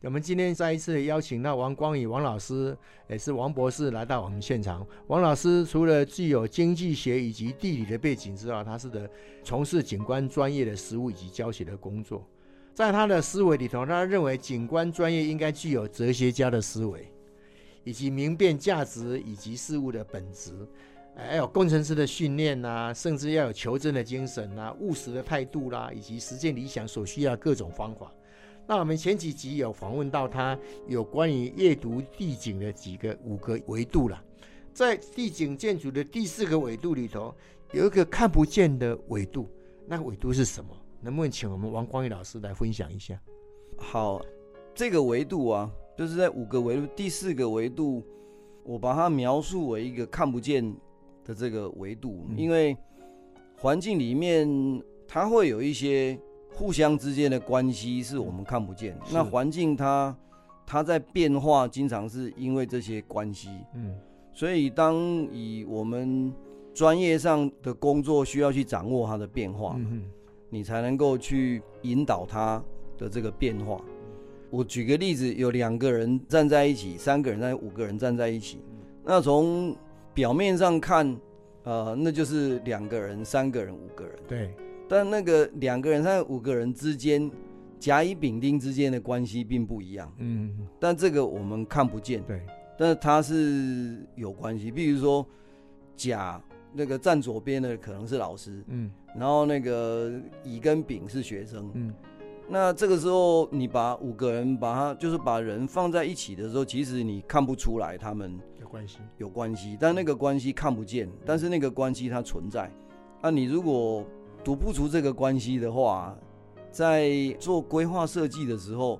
我們今天再一次邀請到王光宇王老師，也是王博士來到我們現場。王老師除了具有經濟學以及地理的背景之外，他是在從事景觀專業的實務以及教學的工作。在他的思維裡頭，他認為景觀專業應該具有哲學家的思維，以及明辨價值以及事物的本質，還有工程師的訓練吶、啊，甚至要有求真的精神吶、啊，務實的態度啦、啊，以及實踐理想所需要的各種方法。那我們前幾集有訪問到他有關於閱讀地景的幾個五個維度啦，在地景建築的第四個維度裡頭，有一個看不見的維度，那維度是什麼？能不能請我們王光宇老師來分享一下？好，這個維度啊，就是在五個維度第四個維度，我把它描述為一個看不見的這個維度，嗯、因為環境裡面它會有一些。互相之間的關係是我們看不見的。是那環境它，它在變化，經常是因為這些關係。嗯，所以當以我們專業上的工作需要去掌握它的變化嘛，嗯、哼你才能夠去引導它的這個變化。我舉個例子，有兩個人站在一起，三個人在，五個人站在一起。那從表面上看，呃，那就是兩個人、三個人、五個人。對。但那個兩個人，他五個人之間，甲乙丙丁之間的關係並不一樣。嗯,嗯，嗯、但這個我們看不見。對，但它是有關係。比如說，甲那個站左邊的可能是老師。嗯,嗯，然後那個乙跟丙是學生。嗯,嗯，嗯、那這個時候你把五個人把他就是把人放在一起的時候，其實你看不出來他們有關係，有關係。但那個關係看不見，但是那個關係它存在。那、啊、你如果讀不出這個關係的話，在做規劃設計的時候，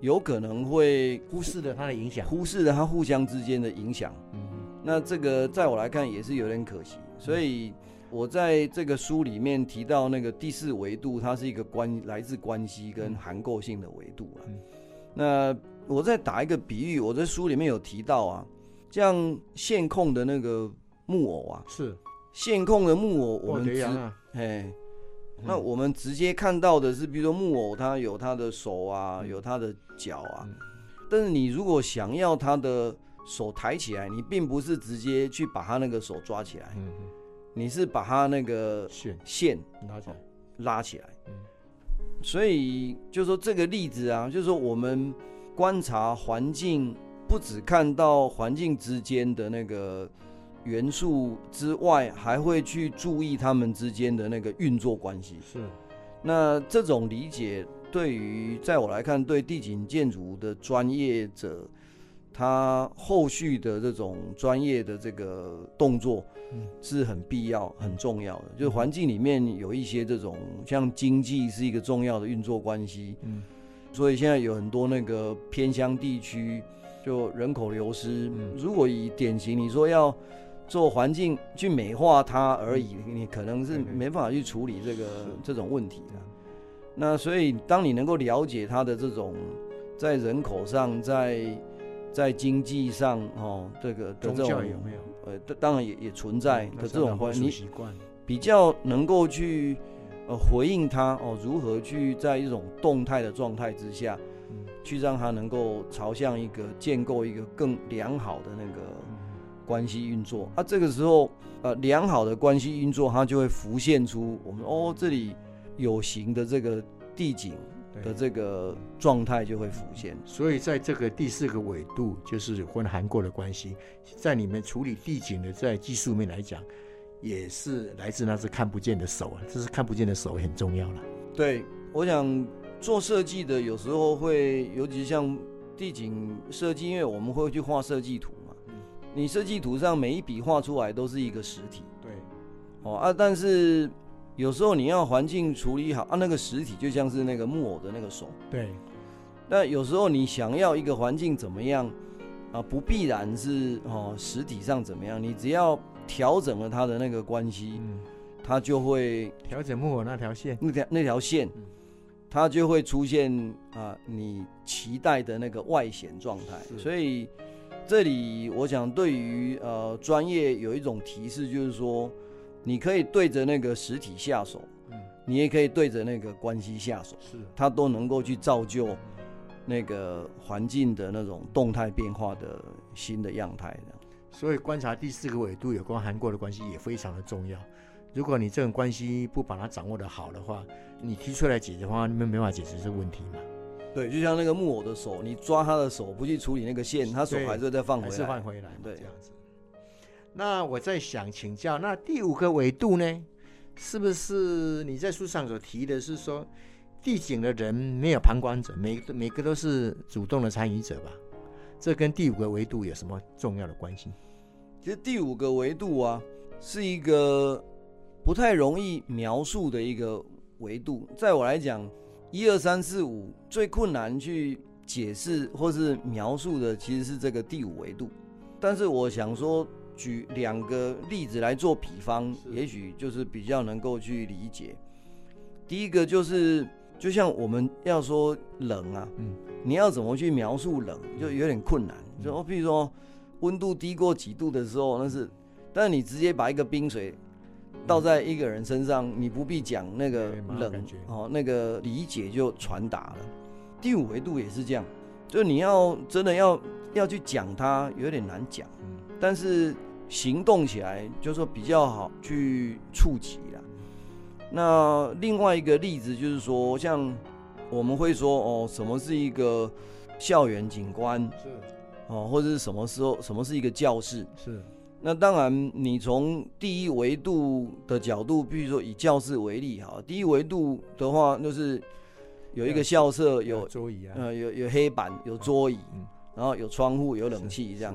有可能會忽視了它的影響，忽視了它互相之間的影響。嗯、哼那這個在我來看也是有點可惜。所以，我在這個書裡面提到那個第四維度，它是一個關來自關係跟涵構性的維度啊。嗯、那我再打一個比喻，我在書裡面有提到啊，這樣線控的那個木偶啊，是。線控的木偶，我們直，哎，啊嘿嗯、那我們直接看到的是，比如說木偶，它有它的手啊，嗯、有它的腳啊。嗯、但是你如果想要它的手抬起來，你並不是直接去把它那個手抓起來，嗯、你是把它那個線線拿起來、哦、拉起來。嗯、所以就說這個例子啊，就說我們觀察環境，不只看到環境之間的那個。元素之外，還會去注意他們之間的那個運作關係。是，那這種理解對於，在我來看，對地景建築的專業者，他後續的這種專業的這個動作是很必要、很重要的。嗯。就環境裡面有一些這種，像經濟是一個重要的運作關係。嗯，所以現在有很多那個偏鄉地區，就人口流失。嗯。如果以典型，你說要。做環境去美化它而已，嗯、你可能是沒辦法去處理這個對對對這種問題的、啊。那所以，當你能夠了解它的這種在人口上、在在經濟上，哦，這個這種宗教有沒有？呃，當然也也存在的。那這種環境習慣比較能夠去呃回應它哦，如何去在一種動態的狀態之下，嗯、去讓它能夠朝向一個建構一個更良好的那個。嗯關係運作啊，這個時候，呃，良好的關係運作，它就會浮現出我們哦，這裡有形的這個地景的這個狀態就會浮現。所以在這個第四個維度，就是涵構的關係，在你們處理地景的，在技術面來講，也是來自那隻看不見的手啊，這是看不見的手很重要啦。對，我想做設計的有時候會，尤其像地景設計，因為我們會去畫設計圖。你設計圖上每一筆畫出來都是一個實體，對，哦啊，但是有時候你要環境處理好啊，那個實體就像是那個木偶的那個手，對。但有時候你想要一個環境怎麼樣啊，不必然是哦實體上怎麼樣，你只要調整了它的那個關係，嗯、它就會調整木偶那條線，那條那條線，嗯、它就會出現啊你期待的那個外顯狀態，是所以。這裡，我想對於呃專業有一種提示，就是說，你可以對着那個實體下手，嗯、你也可以對着那個關係下手，是的，它都能夠去造就那個環境的那種動態變化的新的樣態的。所以觀察第四個維度有關涵構的關係也非常的重要。如果你這種關係不把它掌握得好的話，你提出來解決方案，你們沒法解決這問題嘛。對，就像那個木偶的手，你抓他的手不去處理那個線，他手還是會再放回來。還是換回來，對，這樣子。那我在想，請教，那第五個維度呢？是不是你在書上所提的是說，地景的人沒有旁觀者，每每個都是主動的參與者吧？這跟第五個維度有什麼重要的關係？其實第五個維度啊，是一個不太容易描述的一個維度，在我來講。一二三四五，2> 1, 2, 3, 4, 5, 最困難去解釋或是描述的其實是這個第五維度。但是我想說，舉兩個例子來做比方，是。也許就是比較能夠去理解。第一個就是，就像我們要說冷啊，嗯，你要怎麼去描述冷，就有點困難。嗯，就譬如說溫度低過幾度的時候，那是，但是你直接把一個冰水。倒在一個人身上，嗯、你不必講那個冷、嗯、哦，那個理解就傳達了。嗯、第五維度也是這樣，就是你要真的要要去講它，有點難講，嗯、但是行動起來就是說比較好去觸及了。那另外一個例子就是說，像我們會說哦，什麼是一個校園景觀是哦，或者是什麼時候什麼是一個教室是。那當然，你從第一維度的角度，比如說以教室為例哈，第一維度的話就是有一個校舍，有、有桌椅啊，呃、有有黑板，有桌椅，嗯、然後有窗戶，有冷氣，這樣，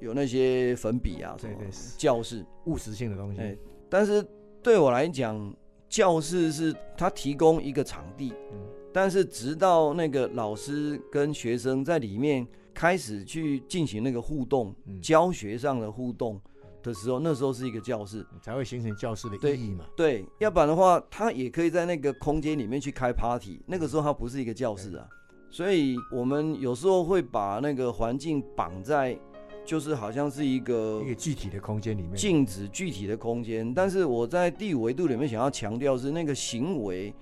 有那些粉筆啊，什麼，對對，是教室物質性的東西。欸、但是對我來講，教室是它提供一個場地，嗯、但是直到那個老師跟學生在裡面。開始去進行那個互動，嗯、教學上的互動的時候，嗯、那時候是一個教室，才會形成教室的意義嘛對？對，要不然的話，他也可以在那個空間裡面去開 party。那個時候它不是一個教室啊，對所以我們有時候會把那個環境綁在，就是好像是一個一個具體的空間裡面，靜止具體的空間。但是我在第五維度裡面想要強調是那個行為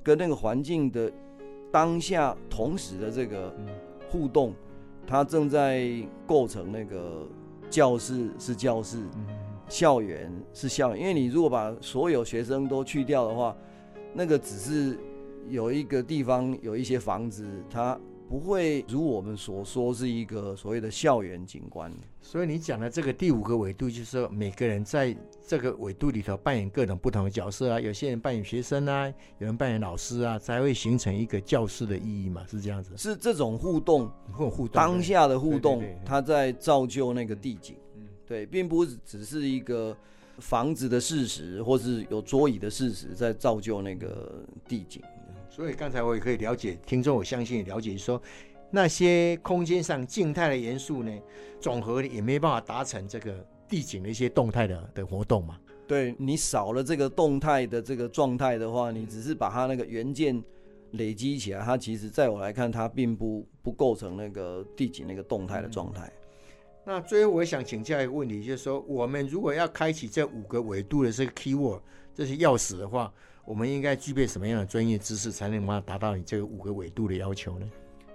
跟那個環境的當下同時的這個互動。嗯它正在構成那個教室是教室，嗯、校園是校園。因為你如果把所有學生都去掉的話，那個只是有一個地方有一些房子，它不會如我們所說是一個所謂的校園景觀，所以你講的這個第五個維度，就是說每個人在這個維度裡頭扮演各種不同的角色啊，有些人扮演學生啊，有人扮演老師啊，才會形成一個教室的意義嘛，是這樣子，是這種互動，嗯、互動，當下的互動，對對對，它在造就那個地景，嗯、對，並不只是一個房子的事實，或是有桌椅的事實，在造就那個地景。所以剛才我也可以了解，聽眾我相信也了解說，那些空間上靜態的元素呢，總和也沒辦法達成這個地景的一些動態的的活動嘛。對，你少了這個動態的這個狀態的話，你只是把它那個元件累積起來，它其實在我來看，它並不不構成那個地景那個動態的狀態。嗯。那最後我也想請教一個問題，就是說我們如果要開啟這五個維度的這個 keyword，這些鑰匙的話。我們應該具備什麼樣的專業知識，才能夠達到你這個五個維度的要求呢？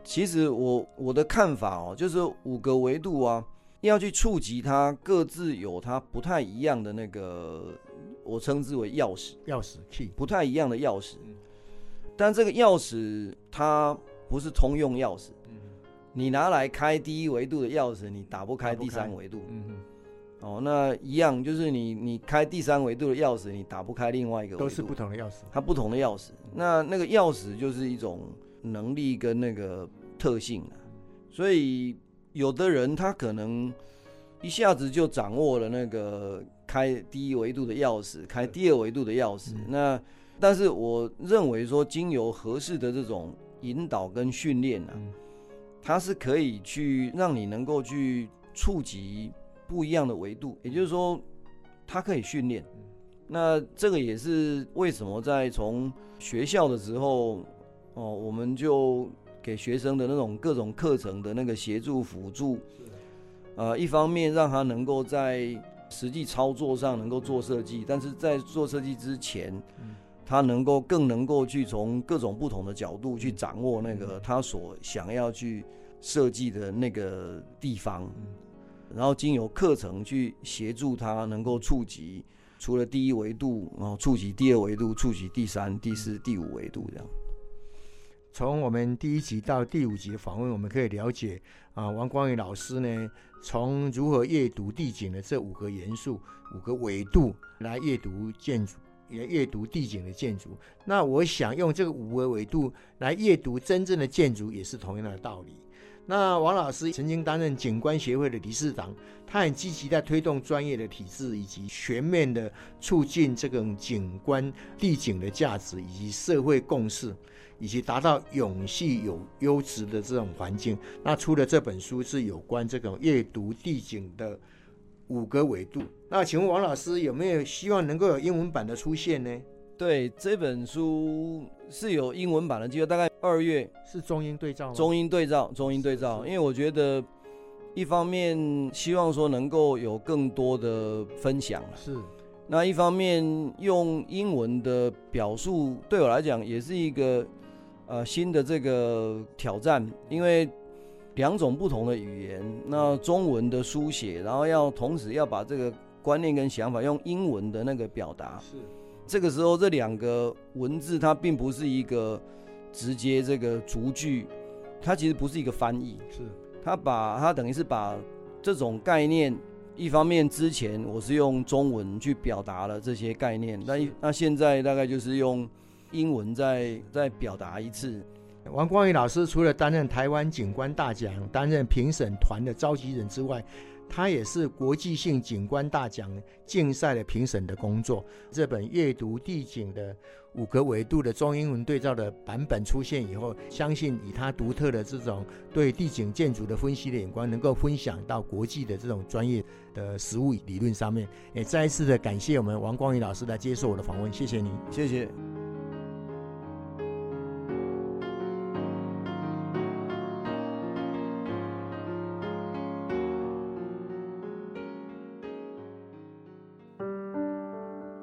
其實我我的看法哦、喔，就是五個維度啊，要去觸及它，各自有它不太一樣的那個，我稱之為鑰匙，鑰匙不太一樣的鑰匙。但這個鑰匙它不是通用鑰匙，嗯、你拿來開第一維度的鑰匙，你打不開第三維度。哦，那一樣就是你，你開第三維度的鑰匙，你打不開另外一個維度，都是不同的鑰匙，它不同的鑰匙。那那個鑰匙就是一種能力跟那個特性啊。所以有的人他可能一下子就掌握了那個開第一維度的鑰匙，開第二維度的鑰匙。對那但是我認為說，經由合適的這種引導跟訓練啊，它是可以去讓你能夠去觸及。不一樣的維度，也就是說，他可以訓練。嗯、那這個也是為什麼在從學校的時候，哦，我們就給學生的那種各種課程的那個協助輔助，是的、呃，一方面讓他能夠在實際操作上能夠做設計，嗯、但是在做設計之前，嗯、他能夠更能夠去從各種不同的角度去掌握那個他所想要去設計的那個地方。嗯然後經由課程去協助他能夠觸及除了第一維度，然後觸及第二維度，觸及第三、第四、第五維度這樣。從我們第一集到第五集的訪問，我們可以了解啊，王光宇老師呢，從如何閱讀地景的這五個元素、五個維度來閱讀建築，也閱讀地景的建築。那我想用這個五個維度來閱讀真正的建築，也是同樣的道理。那王老師曾經擔任景觀學會的理事長，他很積極在推動專業的體制，以及全面的促進這種景觀地景的價值，以及社會共識，以及達到永續有優質的這種環境。那出了這本書是有關這種閱讀地景的五個維度。那請問王老師有沒有希望能夠有英文版的出現呢？對，這本書是有英文版的就大概。二月是中英對照嗎？中英對照，中英對照，中英對照。因為我覺得，一方面希望說能夠有更多的分享，是。那一方面用英文的表述，對我來講也是一個呃新的這個挑戰，因為兩種不同的語言，那中文的書寫，然後要同時要把這個觀念跟想法用英文的那個表達，是。這個時候這兩個文字它並不是一個。直接這個逐句，它其實不是一個翻譯，是他把它等於是把這種概念，一方面之前我是用中文去表達了這些概念，那是那現在大概就是用英文再再表達一次。王光宇老師除了擔任台灣景觀大獎擔任評審團的召集人之外，他也是國際性景觀大獎競賽的評審的工作。這本閱讀地景的五個維度的中英文對照的版本出現以後，相信以他獨特的這種對地景建築的分析的眼光，能夠分享到國際的這種專業的實務理論上面。也再一次的感謝我們王光宇老師來接受我的訪問，謝謝您，謝謝。